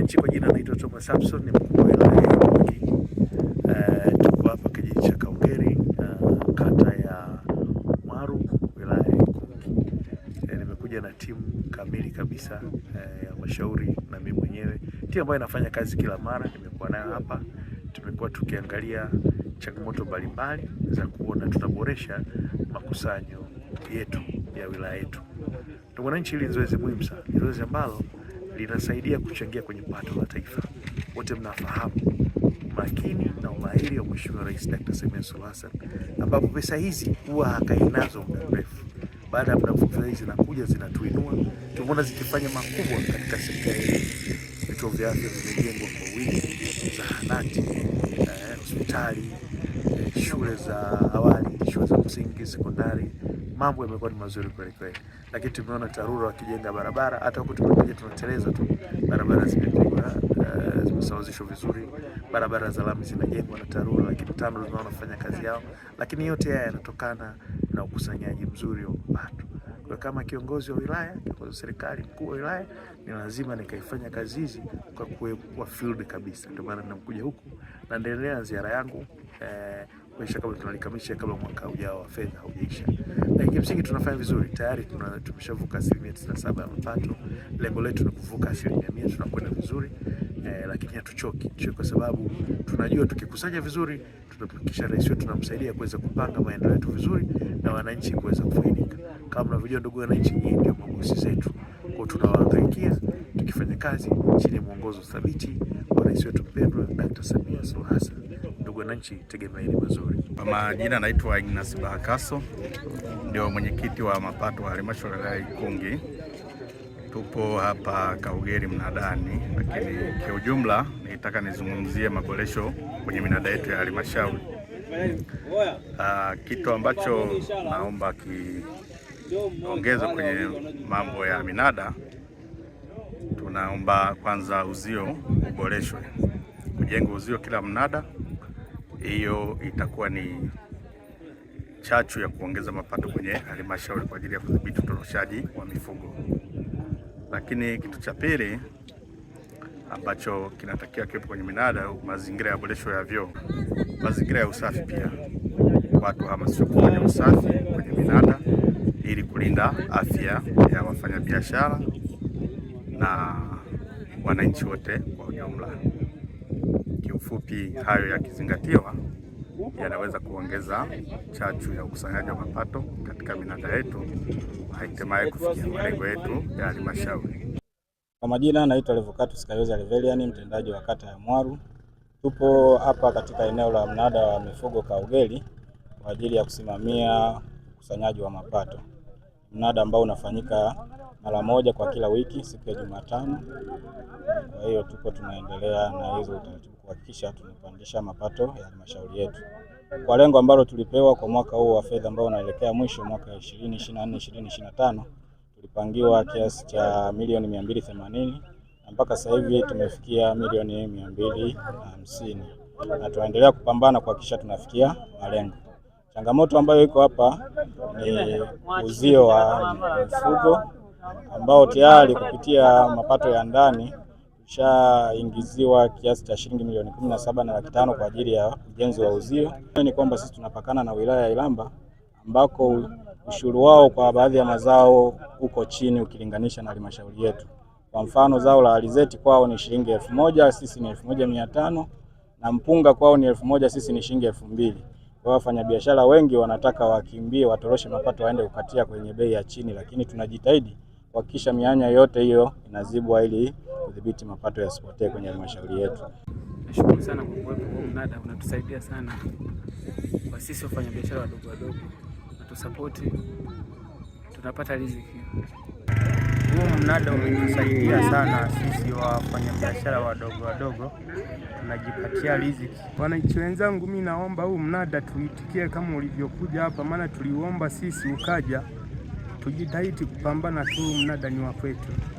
wananchi, kwa jina naitwa Thomas Samson, ni mkuu wa wilaya ya Ikungi. E, eh, tuko hapa kijiji cha Kaugeri uh, eh, kata ya Mwaru wilaya ya Ikungi. E, eh, nimekuja na timu kamili kabisa e, ya washauri na mimi mwenyewe, timu ambayo inafanya kazi kila mara nimekuwa nayo hapa. Tumekuwa tukiangalia changamoto mbalimbali za kuona tutaboresha makusanyo yetu ya wilaya yetu. Ndugu wananchi, hili ni zoezi muhimu sana, ni zoezi ambalo linasaidia kuchangia kwenye pato la taifa. Wote mnafahamu makini na umahiri wa Mheshimiwa Rais Dr. Samia Suluhu Hassan, ambapo pesa hizi huwa hakai nazo muda mrefu. Baada ya muda mfupi zinakuja zinatuinua. Tumeona zikifanya makubwa katika sekta hii, vituo vya afya vimejengwa kwa wingi, zahanati, eh, hospitali shule za awali, shule za msingi, sekondari, mambo yamekuwa ni mazuri kweli kweli, lakini tumeona TARURA wakijenga barabara, hata huko tumekuja tunateleza tu, barabara zimepigwa, uh, zimesawazishwa vizuri, barabara za lami zinajengwa na TARURA, lakini TAMRU tunaona wanafanya kazi yao, lakini yote haya yanatokana na ukusanyaji mzuri wa mapato. Kwa kama kiongozi wa wilaya, kiongozi wa serikali, mkuu wa wilaya, ni lazima nikaifanya kazi hizi kwa kuwa field kabisa, ndio maana nimekuja huku naendelea na ziara yangu eh, kuisha kabla tunalikamilisha kabla mwaka ujao wa fedha haujaisha. Lakini kimsingi tunafanya vizuri tayari, tumeshavuka asilimia tisini na saba ya mapato. Lengo letu ni kuvuka asilimia mia, tunakwenda vizuri eh, lakini hatuchoki sio, kwa sababu tunajua tukikusanya vizuri tunafikisha rais wetu, tunamsaidia kuweza kupanga maendeleo yetu vizuri na wananchi kuweza kufaidika. Kama mnavyojua, ndugu wananchi, hii ndio mabosi zetu, kwa tunawahangaikia tukifanya kazi chini ya mwongozo thabiti kwa Rais wetu mpendwa Dr. Samia Suluhu Hassan. Ndugu wananchi, tegemeeni mazuri. Kwa majina anaitwa Ignas Bahakaso, ndio mwenyekiti wa mapato wa halmashauri ya Ikungi. Tupo hapa Kaugeri mnadani, lakini kwa ujumla nitaka nizungumzie maboresho kwenye minada yetu ya halmashauri. Ah, kitu ambacho naomba kiongezwe kwenye mambo ya minada tunaomba kwanza uzio uboreshwe, kujenga uzio kila mnada. Hiyo itakuwa ni chachu ya kuongeza mapato kwenye halmashauri kwa ajili ya kudhibiti utoroshaji wa mifugo. Lakini kitu cha pili ambacho kinatakiwa kiwepo kwenye minada, mazingira ya boresho ya vyoo, mazingira ya usafi. Pia watu hama kufanya usafi kwenye minada ili kulinda afya ya wafanyabiashara na wananchi wote kwa ujumla. Kiufupi, hayo yakizingatiwa yanaweza kuongeza chachu ya ukusanyaji wa mapato katika minada yetu hatimaye kufikia malengo yetu ya halmashauri. Kwa majina naitwa Levocatus Kayoza Revelian, mtendaji wa kata ya Mwaru. Tupo hapa katika eneo la mnada wa mifugo Kaugeli kwa ajili ya kusimamia ukusanyaji wa mapato mnada ambao unafanyika mara moja kwa kila wiki siku ya Jumatano. Kwa hiyo tuko tunaendelea na hizo utaratibu kuhakikisha tunapandisha mapato ya halmashauri yetu kwa lengo ambalo tulipewa kwa mwaka huu wa fedha ambao unaelekea mwisho mwaka 2024 2025, tulipangiwa kiasi cha milioni 280 na mpaka sasa hivi tumefikia milioni 250 na tunaendelea kupambana kuhakikisha tunafikia malengo. Changamoto ambayo iko hapa ni uzio wa mifugo ambao tayari kupitia mapato ya ndani ushaingiziwa kiasi cha shilingi milioni kumi na saba na laki tano kwa ajili ya ujenzi wa uzio. Ni kwamba sisi tunapakana na wilaya ya Ilamba ambako ushuru wao kwa baadhi ya mazao uko chini ukilinganisha na halmashauri yetu. Kwa mfano zao la alizeti kwao ni shilingi elfu moja sisi ni elfu moja mia tano na mpunga kwao ni elfu moja sisi ni shilingi elfu mbili kwa wafanyabiashara wengi wanataka wakimbie, watoroshe mapato, waende kukatia kwenye bei ya chini, lakini tunajitahidi kuhakikisha mianya yote hiyo inazibwa ili kudhibiti mapato yasipotee kwenye halmashauri yetu. Nashukuru sana kwa kuwepo kwa mnada, unatusaidia sana kwa sisi wafanyabiashara wadogo wadogo, natusapoti, tunapata riziki. Huu mnada umetusaidia sana sisi wafanyabiashara wadogo wadogo, tunajipatia riziki. Wananchi wenzangu, mimi naomba huu mnada tuitikie kama ulivyokuja hapa, maana tuliuomba sisi ukaja. Tujitahidi kupambana tu, mnada ni wa kwetu.